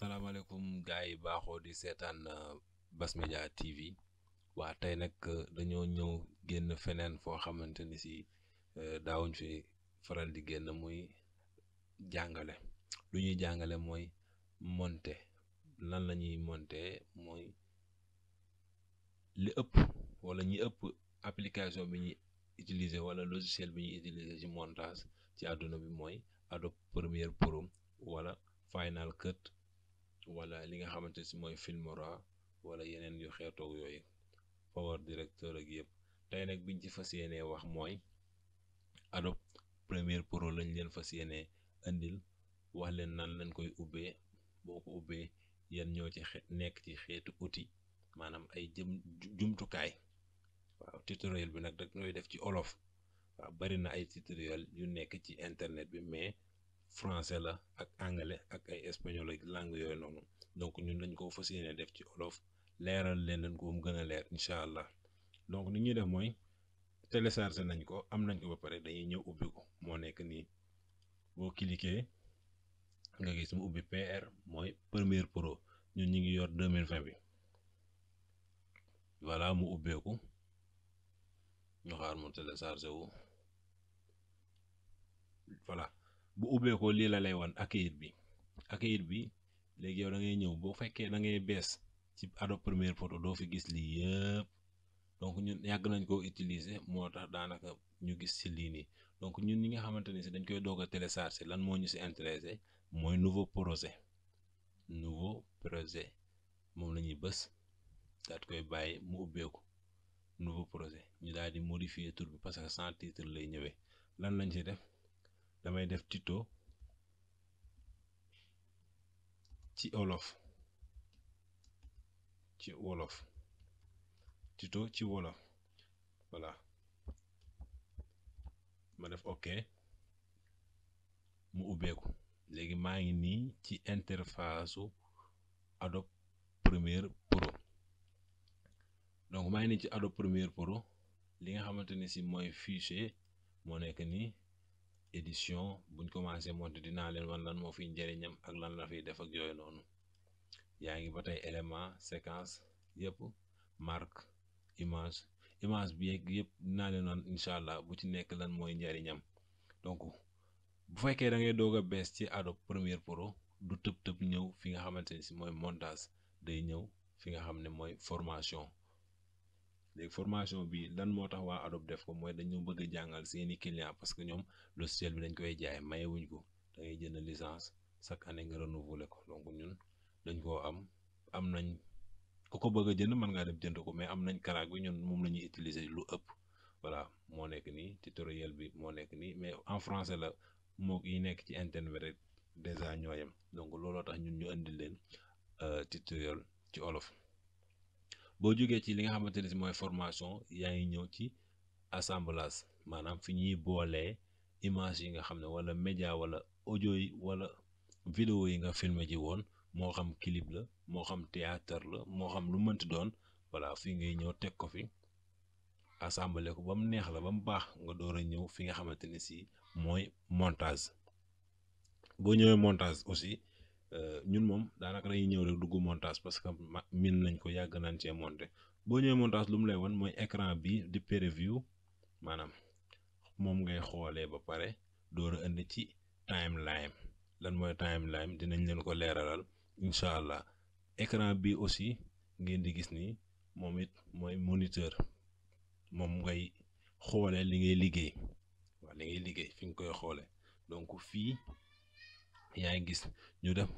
salaamaaleykum gars yi baaxoo di seetaan uh, Bass Media TV waa tey nag uh, dañoo ñëw génn feneen foo xamante ni si uh, daawuñ fi faral di génn muy jàngale lu ñuy jàngale mooy monter lan la ñuy monter mooy li ëpp wala ñi ëpp application bi ñuy utiliser wala logiciel bi ñuy utiliser ci montage ci àdduna bi mooy Adobe Premiere Pro wala Final Cut wala li nga xamante si mooy filmora wala yeneen yu xeetoog yooyu power directeur ak yëpp tey nag biñ ci fas yéenee wax mooy Adobe première Pro lañ leen fas yéenee indil wax leen nan lañ koy ubbee boo ko ubbee yan ñoo ci nekk ci xeetu outil maanaam ay jëm jumtukaay waaw tutoriel bi nag rek ñooy def ci olof waaw bari na ay tutoriel yu nekk ci internet bi mais français la ak anglais ak ay espagnol ak langue yooyu noonu donc ñun dañ ko fas yéene def ci olof leeral leen dañ ko mu gën a leer incha allah donc ni ñuy def mooy téléchargé nañ ko am nañ ko ba pare dañuy ñëw ubbi moo nekk nii boo cliqué nga gis mu ubbi PR mooy Premiere Pro ñun ñu ngi yor 2020 bi voilà mu ubbeeku ñu xaar mu téléchargé wu voilà bu ubbeekoo lii la lay wan accueil bi accueil bi léegi yow da ngay ñëw boo fekkee da ngay bees ci Adobe Premiere Photo doo fi gis lii yëpp donc ñun yàgg nañ koo utiliser moo tax daanaka ñu gis si lii nii donc ñun ñi nga xamante ni si dañ koy doog a télécharger lan moo ñu si intéressé mooy nouveau projet nouveau projet moom la ñuy bës daat koy bàyyi mu ubbeeku nouveau projet ñu daal di modifier tour bi parce que sans titre lay ñëwee lan lañ si def. damay def tuto ci olof ci wolof tito ci wolof voilà ma def ok mu ubbeeku léegi maa ngi nii ci interface ado première Premiere donc maa ngi nii ci Adobe Premiere poro li nga xamante ni si mooy fichier moo nekk nii édition buñ commencé monté dinaa leen wan lan moo fiy njariñam ak lan la fiy def ak yooyu noonu yaa ngi ba élément séquence yëpp marque image image bi yeeg yëpp dinaa leen wan incha allah bu ci nekk lan mooy njëriñam donc bu fekkee da ngay doog a bees ci Adobe Premiere Pro du tëb tëb ñëw fi nga xamante ne si mooy montage day ñëw fi nga xam ne mooy formation. léegi formation bi lan moo tax waa Adobe def ko mooy dañoo bëgg a jàngal seeni client parce que ñoom logiciel bi dañ koy jaay mayewuñ ko da ngay jënd licence chaque année nga renouveler ko donc ñun dañ koo am am nañ ko ko bëgg a jënd mën ngaa dem jënd ko mais am nañ karaag bi ñun moom la ñuy utiliser lu ëpp voilà moo nekk nii tutoriel bi moo nekk nii mais en français la moo yi nekk ci internet rek dèjà ñooyam donc looloo tax ñun ñu indi leen euh, tutoriel ci olof boo jógee ci li nga xamante ne si mooy formation yaa ngi ñëw ci assemblage maanaam fi ñuy boolee image yi nga xam ne wala média wala audio yi wala vidéo yi nga filmé ji woon moo xam kilib la moo xam théâtre la moo xam lu mënti doon voilà fii ngay ñëw teg ko fi assemblé ko ba mu neex la ba mu baax nga door a ñëw fi nga xamante ne si mooy montage boo ñëwee montage aussi Euh, ñun moom daanaka dañuy ñëw rek dugg montage parce que min nañ ko yàgg nañ cee monté boo ñëwee montage lu mu lay wan mooy écran bi di preview maanaam moom ngay xoolee ba pare door a ci ci timeline lan mooy timeline dinañ leen ko leeralal incha allah écran bi aussi ngeen di gis nii moom it mooy moniteur moom ngay xoole li ngay liggéey waaw li ngay liggéey fi nga koy xoolee donc fii yaa gis ñu def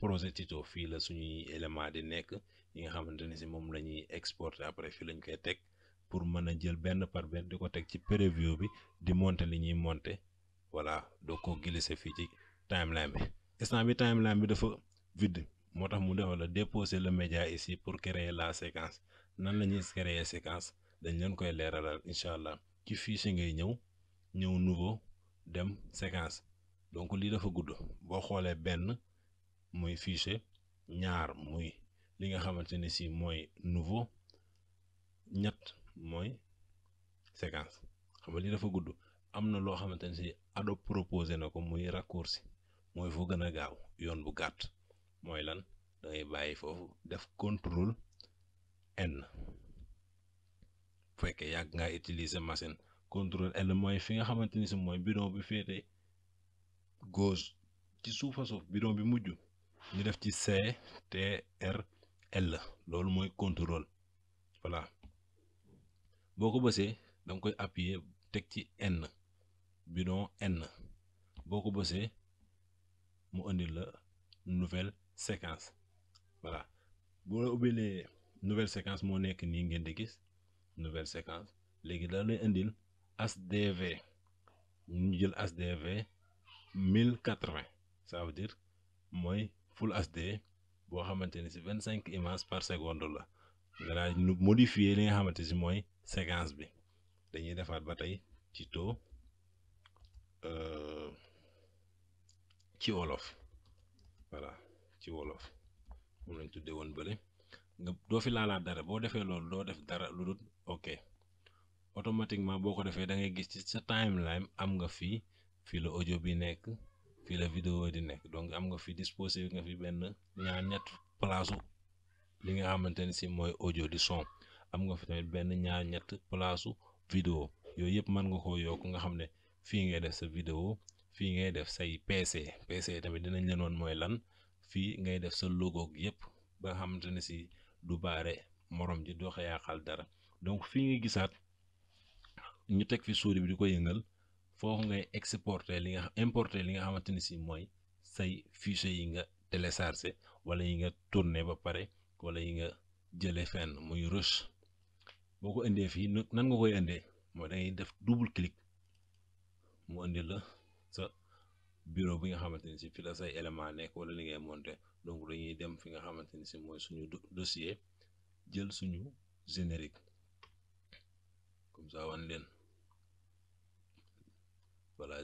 projet Tito fii la suñuy élément di nekk yi nga xamante ne si moom la ñuy exporter après fii lañ koy teg pour mën a jël benn par benn di ko teg ci preview bi di monter li ñuy monter voilà doo ko glisser fii ci timeline bi instant bi timeline bi dafa vide moo tax mu defal la déposer le média ici pour créer la séquence nan la ñuy créer séquence dañ leen koy leeralal incha allah ci fii si ngay ñëw ñëw nouveau dem séquence donc lii dafa gudd boo xoolee benn. muy fichier ñaar muy li nga xamante ne si mooy nouveau ñett mooy séquence xam nga li dafa gudd am na loo xamante ne si ado proposé na ko muy raccourci mooy foo gën a gaaw yoon bu gàtt mooy lan da ngay bàyyi foofu def contrôle N bu fekkee yàgg ngaa utiliser machine contrôle L mooy fi nga xamante ni si mooy bidon bi féete gauche ci suufa suuf bidon bi mujj. ñu def ci CTRL loolu mooy contrôle voilà boo ko bësee da nga koy appuyer teg ci N bidon N boo ko bësee mu indi la nouvelle séquence voilà boo la ubbilee nouvelle séquence moo nekk nii ngeen di gis nouvelle séquence léegi da lay indil HDV ñu jël HDV mille quatre vingt dire mooy Full HD boo xamante ni si vingt cinq images par seconde la nga daal di modifier li nga xamante si mooy séquence bi dañuy defaat ba tey ci too euh, ci wolof voilà ci wolof moom lañ tuddee woon bale nga doo fi laalaat dara boo defee loolu doo def dara lu dul ok automatiquement boo ko defee da ngay gis ci sa timeline am nga fi fii la audio bi nekk fii la vidéo di nekk donc am nga fi disposé nga fi benn ñaar ñett place li nga xamante ne si mooy audio di son am nga fi tamit benn ñaar ñett place vidéo yooyu yëpp mën nga koo yokk nga xam ne fii ngay def sa vidéo fii ngay def say PC PC tamit dinañ leen woon mooy lan fii ngay def sa logo yëpp ba nga xamante ne si du baare moroom ji doo xayaaxal dara donc fii nga gisaat ñu teg fi souris bi di ko yëngal foofu ngay exporter li nga importer li nga xamante ni si mooy say fichier yi nga téléchargé wala yi nga tourné ba pare wala yi nga jële fenn muy rush boo ko indee fii nan nga koy indee mooy da def double clic mu indi la sa bureau bi nga xamante ni si fi la say élément nekk wala li ngay monté donc dañuy dem fi nga xamante ni si mooy suñu dossier jël suñu générique comme ça wan leen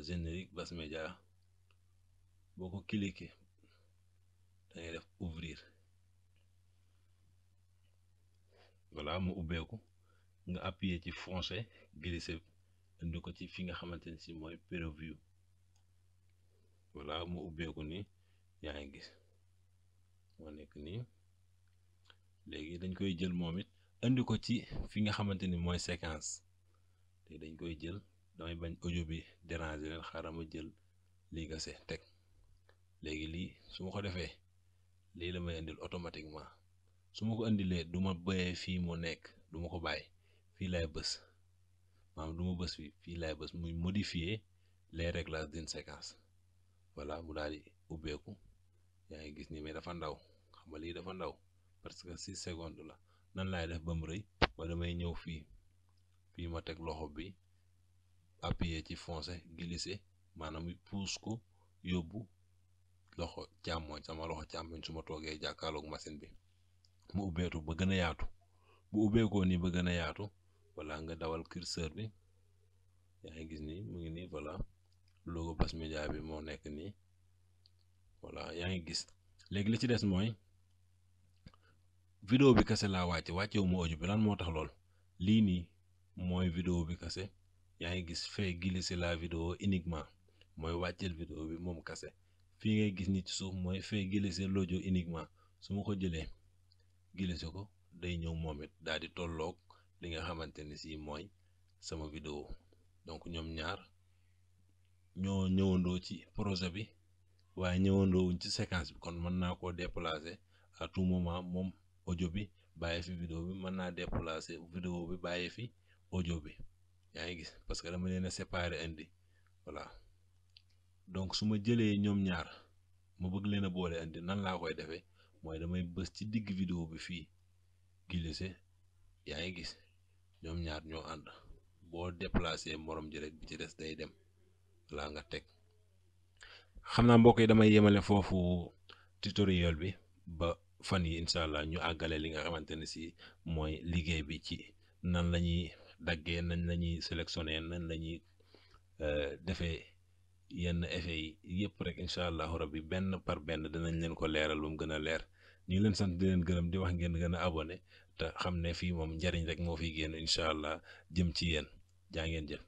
générique Bass Media boo ko cliquer dangay def ouvrir voilà mu ubbeeku nga appuyer ci foncé glisser indi ko ci fi nga xamante ni si mooy preview voilà mu ubbeeku ni yaa ngi gis moo nekk nii léegi dañ koy jël moom it indi ko ci fi nga xamante ni mooy séquence te dañ koy jël damay bañ ojo bi déranger leen xaaral ma jël lii nga gase teg léegi lii su ma ko defee lii la may indil automatiquement su ma ko indilee du ma bayee fii moo nekk du ma ko bàyyi fii laay bës maanaam du ma bës fii fii laay bës muy modifier les réglages d'une séquence voilà mu daal di ubbeeku yaa ngi gis ni dafa ndaw xam nga lii dafa ndaw parce que six la nan laay def ba mu rëy ba damay ñëw fii fii ma teg loxo bi appuyer ci foncer glisser maanaam puus ko yóbbu loxo càmmooñ sama loxo càmmooñ su ma toogee jàkkaarloog machine bi mu ubbeetu ba gën a yaatu bu ubbeekoo nii ba gën a yaatu voilà nga dawal curseur bi yaa ngi gis nii mu ngi nii voilà logo Bass Media bi moo nekk nii voilà yaa ngi gis léegi li ci des mooy vidéo bi kase laa wàcce wàcce wu ma bi lan moo tax lool lii nii mooy vidéo bi kase yaa ngi gis fait glisser la vidéo uniquement mooy wàcceel vidéo bi moom kase fii ngay gis nit ci suuf mooy fait glisser lojo uniquement su ma ko jëlee glisser ko day ñëw moom it daal di tolloog li nga xamante ni si mooy sama vidéo donc ñoom ñaar ñoo ñëwandoo ci projet bi waaye ñëwandoo ci séquence bi kon mën naa koo déplacer à tout moment moom ojo bi bàyyi fi vidéo bi mën naa déplacer vidéo bi bàyyi fi ojo bi yaa gis parce que dama leen a séparer indi voilà donc su ma jëlee ñoom ñaar ma bëgg leen a boole indi nan laa koy defee mooy damay bës ci digg vidéo bi fii glissé yaa ngi gis ñoom ñaar ñoo ànd boo déplacé morom ji rek bi ci des day dem laa nga teg xam naa mbokk yi damay yemale foofu tutoriel bi ba fan yi incha allah ñu àggale li nga xamante ne si mooy liggéey bi ci nan lañuy daggee nañ la ñuy nañ la ñuy euh, defee yenn effet yi yëpp rek incha allahu rabbi benn par benn danañ leen ko leeral lu mu gën a leer ñu ngi leen sant di leen gërëm di wax ngeen gën a abonné te xam ne fii moom njariñ rek moo fiy génn incha allah jëm ci yéen jaa ngeen jëf